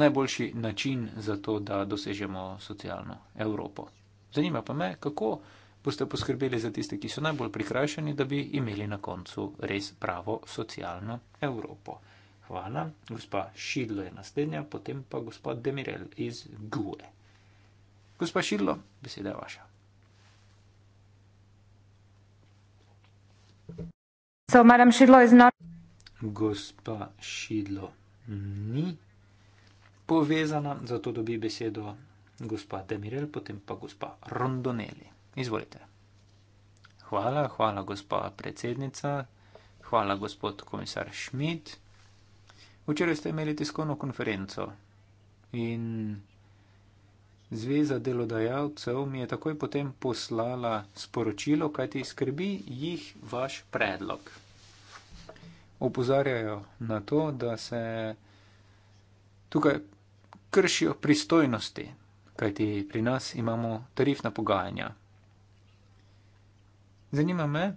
najboljši način za to, da dosežemo socialno Evropo. Zanima pa me, kako boste poskrbeli za tiste, ki so najbolj prikrajšani, da bi imeli na koncu res pravo socialno Evropo. Hvala. Gospa Šidlo je naslednja, potem pa gospod Demirel iz Gue. Gospa Šidlo, beseda je vaša. So, madam Šidlo iz Nor. Gospa Šidlo ni povezana, zato dobi besedo gospa Demirel, potem pa gospa Rondoneli. Izvolite. Hvala, hvala gospa predsednica, hvala gospod komisar Schmidt. Včeraj ste imeli tiskovno konferenco in Zveza delodajalcev mi je takoj potem poslala sporočilo, kaj ti skrbi jih vaš predlog. Opozarjajo na to, da se tukaj kršijo pristojnosti, kajti pri nas imamo tarifna pogajanja. Zanima me,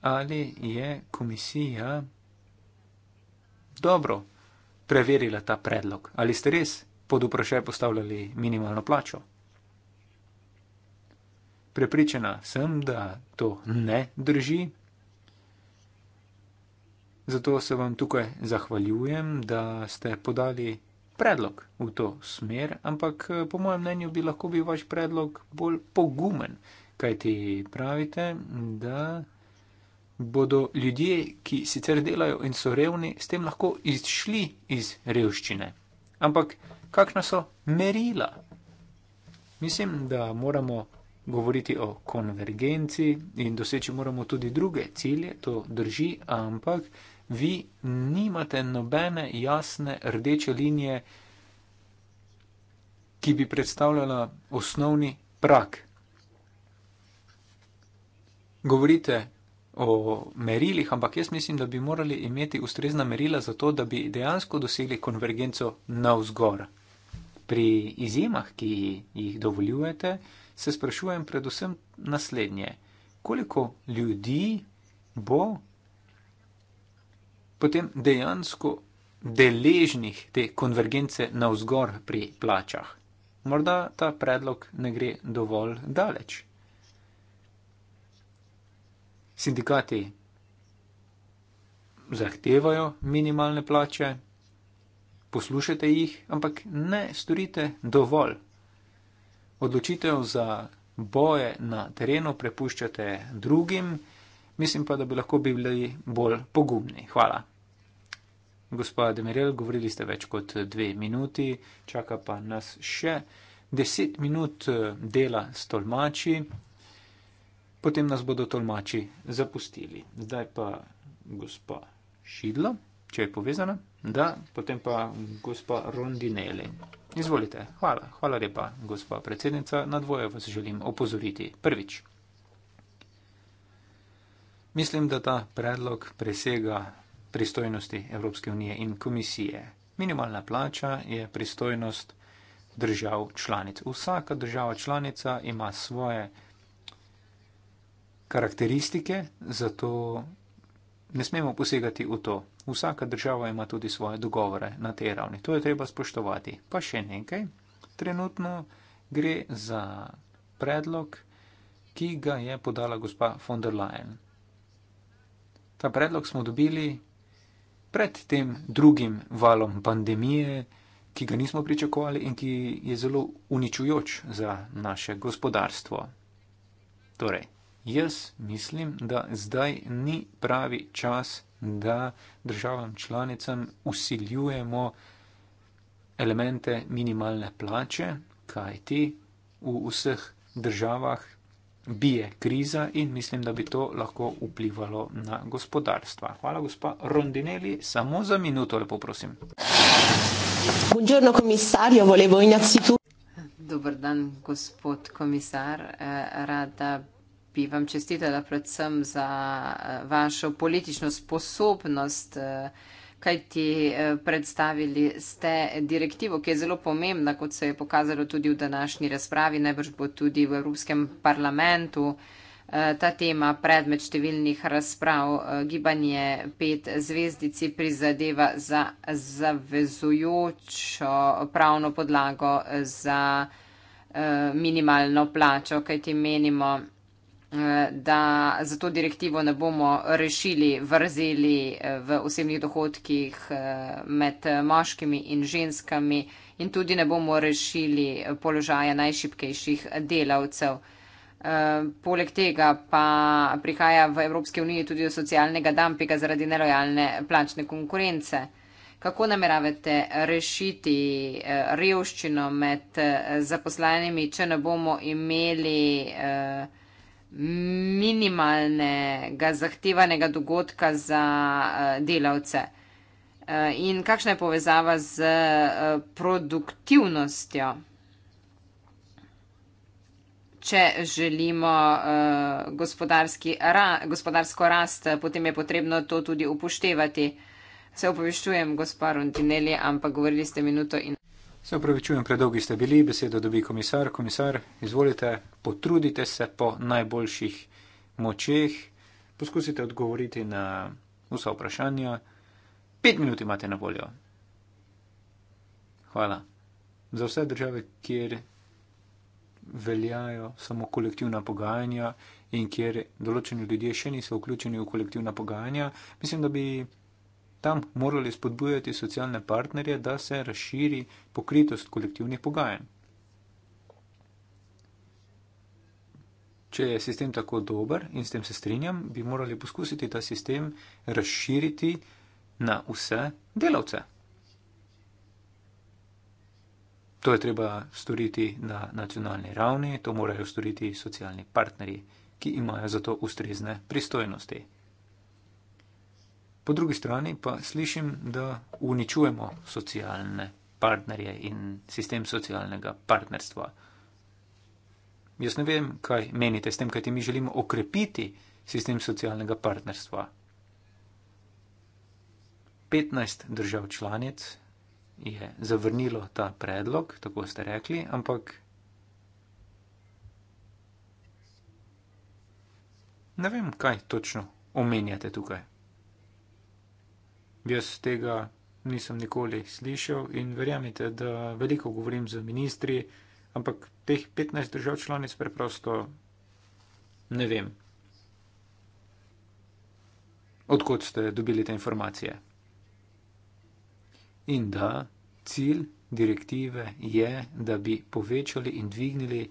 ali je komisija dobro preverila ta predlog, ali ste res pod vprašaj postavljali minimalno plačo. Prepričana sem, da to ne drži, zato se vam tukaj zahvaljujem, da ste podali predlog v to smer, ampak po mojem mnenju bi lahko bil vaš predlog bolj pogumen, Kaj ti pravite, da bodo ljudje, ki sicer delajo in so revni, s tem lahko izšli iz revščine? Ampak kakšna so merila? Mislim, da moramo govoriti o konvergenci in doseči moramo tudi druge cilje, to drži, ampak vi nimate nobene jasne rdeče linije, ki bi predstavljala osnovni prak govorite o merilih, ampak jaz mislim, da bi morali imeti ustrezna merila za to, da bi dejansko dosegli konvergenco navzgor. Pri izjemah, ki jih dovoljujete, se sprašujem predvsem naslednje. Koliko ljudi bo potem dejansko deležnih te konvergence navzgor pri plačah? Morda ta predlog ne gre dovolj daleč. Sindikati zahtevajo minimalne plače, poslušajte jih, ampak ne storite dovolj. Odločitev za boje na terenu prepuščate drugim, mislim pa, da bi lahko bili bolj pogumni. Hvala. Gospa Demirel, govorili ste več kot dve minuti, čaka pa nas še deset minut eh, dela s tolmači potem nas bodo tolmači zapustili. Zdaj pa gospa Šidlo, če je povezana, da, potem pa gospa Rondinelli. Izvolite, hvala, hvala lepa, gospa predsednica, na dvoje vas želim opozoriti. Prvič. Mislim, da ta predlog presega pristojnosti Evropske unije in komisije. Minimalna plača je pristojnost držav članic. Vsaka država članica ima svoje pristojnosti karakteristike, zato ne smemo posegati v to. Vsaka država ima tudi svoje dogovore na tej ravni. To je treba spoštovati. Pa še nekaj. Trenutno gre za predlog, ki ga je podala gospa von der Leyen. Ta predlog smo dobili pred tem drugim valom pandemije, ki ga nismo pričakovali in ki je zelo uničujoč za naše gospodarstvo. Torej, Jaz mislim, da zdaj ni pravi čas, da državam članicam usiljujemo elemente minimalne plače, kajti v vseh državah bije kriza in mislim, da bi to lahko vplivalo na gospodarstva. Hvala, gospa Rondinelli, samo za minuto, lepo prosim. Dobr dan, gospod komisar. Eh, rada bi vam čestitala predvsem za eh, vašo politično sposobnost, eh, kaj ti eh, predstavili ste direktivo, ki je zelo pomembna, kot se je pokazalo tudi v današnji razpravi, najbrž bo tudi v Evropskem parlamentu. Ta tema predmet številnih razprav gibanje pet zvezdici prizadeva za zavezujočo pravno podlago za minimalno plačo, kaj ti menimo. Eh, da za to direktivo ne bomo rešili vrzeli eh, v osebnih dohodkih eh, med moškimi in ženskami in tudi ne bomo rešili položaja najšipkejših delavcev. Poleg tega pa prihaja v Evropski uniji tudi do socialnega dampinga zaradi nelojalne plačne konkurence. Kako nameravate rešiti revščino med zaposlenimi, če ne bomo imeli eh, minimalnega zahtevanega dogodka za eh, delavce? Eh, in kakšna je povezava z eh, produktivnostjo, če želimo ra, gospodarsko rast, potem je potrebno to tudi upoštevati. Se upoštujem, gospod Rondinelli, ampak govorili ste minuto in. Se upravičujem, predolgi ste bili, besedo dobi komisar. Komisar, izvolite, potrudite se po najboljših močeh, poskusite odgovoriti na vsa vprašanja. Pet minut imate na voljo. Hvala. Za vse države, kjer veljajo samo kolektivna pogajanja in kjer določeni ljudje še niso vključeni v kolektivna pogajanja, mislim, da bi tam morali spodbujati socialne partnerje, da se razširi pokritost kolektivnih pogajanj. Če je sistem tako dober in s tem se strinjam, bi morali poskusiti ta sistem razširiti na vse delavce. To je treba storiti na nacionalni ravni, to morajo storiti socialni partnerji, ki imajo za to ustrezne pristojnosti. Po drugi strani pa slišim, da uničujemo socialne partnerje in sistem socialnega partnerstva. Jaz ne vem, kaj menite s tem, kaj ti mi želimo okrepiti sistem socialnega partnerstva. 15 držav članic je zavrnilo ta predlog, tako ste rekli, ampak ne vem, kaj točno omenjate tukaj. Jaz tega nisem nikoli slišal in verjamite, da veliko govorim z ministri, ampak teh 15 držav članic preprosto ne vem. Odkot ste dobili te informacije? In da, cilj direktive je, da bi povečali in dvignili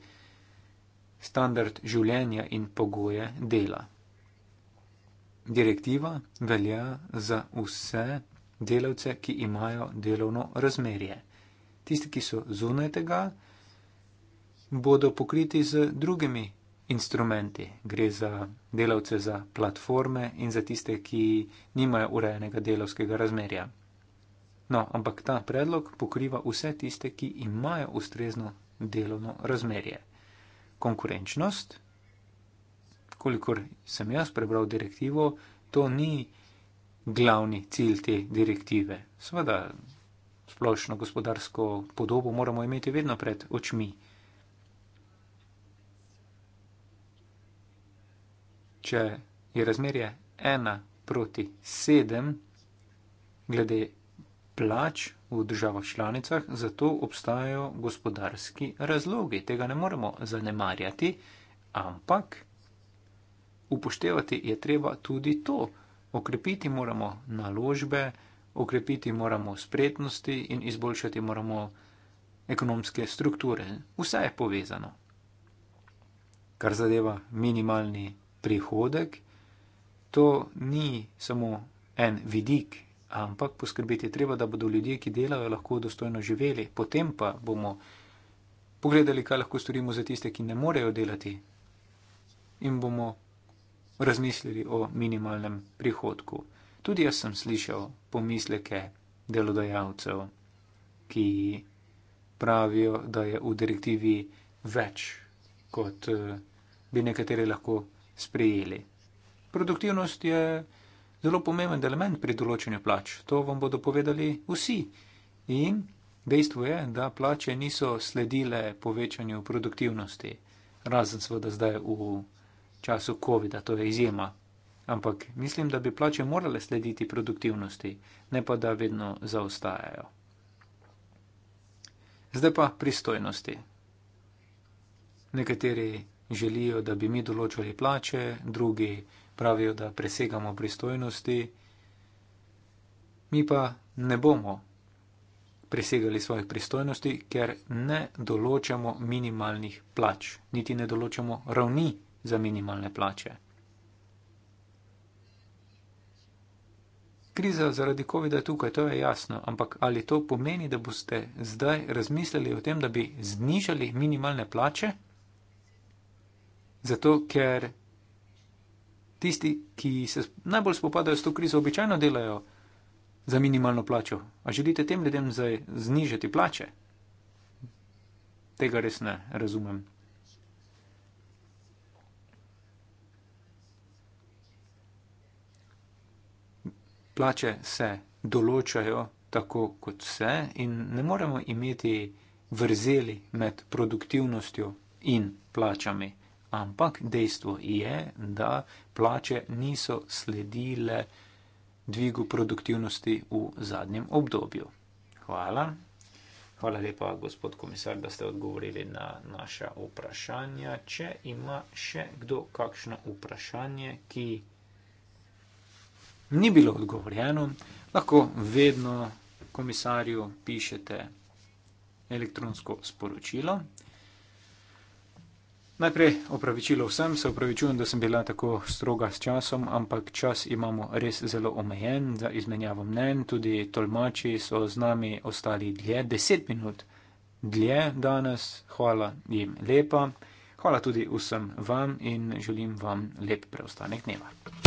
standard življenja in pogoje dela. Direktiva velja za vse delavce, ki imajo delovno razmerje. Tisti, ki so zunaj tega, bodo pokriti z drugimi instrumenti. Gre za delavce za platforme in za tiste, ki nimajo urejenega delovskega razmerja. No, ampak ta predlog pokriva vse tiste, ki imajo ustrezno delovno razmerje. Konkurenčnost kolikor sem jaz prebral direktivo, to ni glavni cilj te direktive. Sveda, splošno gospodarsko podobo moramo imeti vedno pred očmi. Če je razmerje ena proti sedem, glede plač v državah članicah, zato obstajajo gospodarski razlogi. Tega ne moremo zanemarjati, ampak upoštevati je treba tudi to. Okrepiti moramo naložbe, okrepiti moramo spretnosti in izboljšati moramo ekonomske strukture. Vse je povezano. Kar zadeva minimalni prihodek, to ni samo en vidik, ampak poskrbeti je treba, da bodo ljudje, ki delajo, lahko dostojno živeli. Potem pa bomo pogledali, kaj lahko storimo za tiste, ki ne morejo delati in bomo razmislili o minimalnem prihodku. Tudi jaz sem slišal pomisleke delodajalcev, ki pravijo, da je v direktivi več, kot eh, bi nekateri lahko sprejeli. Produktivnost je zelo pomemben element pri določenju plač. To vam bodo povedali vsi. In dejstvo je, da plače niso sledile povečanju produktivnosti, razen seveda zdaj v času COVID-a, to je izjema. Ampak mislim, da bi plače morale slediti produktivnosti, ne pa da vedno zaostajajo. Zdaj pa pristojnosti. Nekateri želijo, da bi mi določali plače, drugi pravijo, da presegamo pristojnosti. Mi pa ne bomo presegali svojih pristojnosti, ker ne določamo minimalnih plač, niti ne določamo ravni za minimalne plače. Kriza zaradi COVID-a tukaj, to je jasno, ampak ali to pomeni, da boste zdaj razmislili o tem, da bi znižali minimalne plače? Zato, ker tisti, ki se najbolj spopadajo s to krizo, običajno delajo za minimalno plačo. A želite tem ljudem zdaj znižati plače? Tega res ne razumem. plače se določajo tako kot vse in ne moremo imeti vrzeli med produktivnostjo in plačami. Ampak dejstvo je, da plače niso sledile dvigu produktivnosti v zadnjem obdobju. Hvala. Hvala lepa, gospod komisar, da ste odgovorili na naša vprašanja. Če ima še kdo kakšno vprašanje, ki ni bilo odgovorjeno, lahko vedno komisarju pišete elektronsko sporočilo. Najprej opravičilo vsem, se opravičujem, da sem bila tako stroga s časom, ampak čas imamo res zelo omejen za izmenjavo mnen, tudi tolmači so z nami ostali dlje, deset minut dlje danes, hvala jim lepa, hvala tudi vsem vam in želim vam lep preostanek dneva.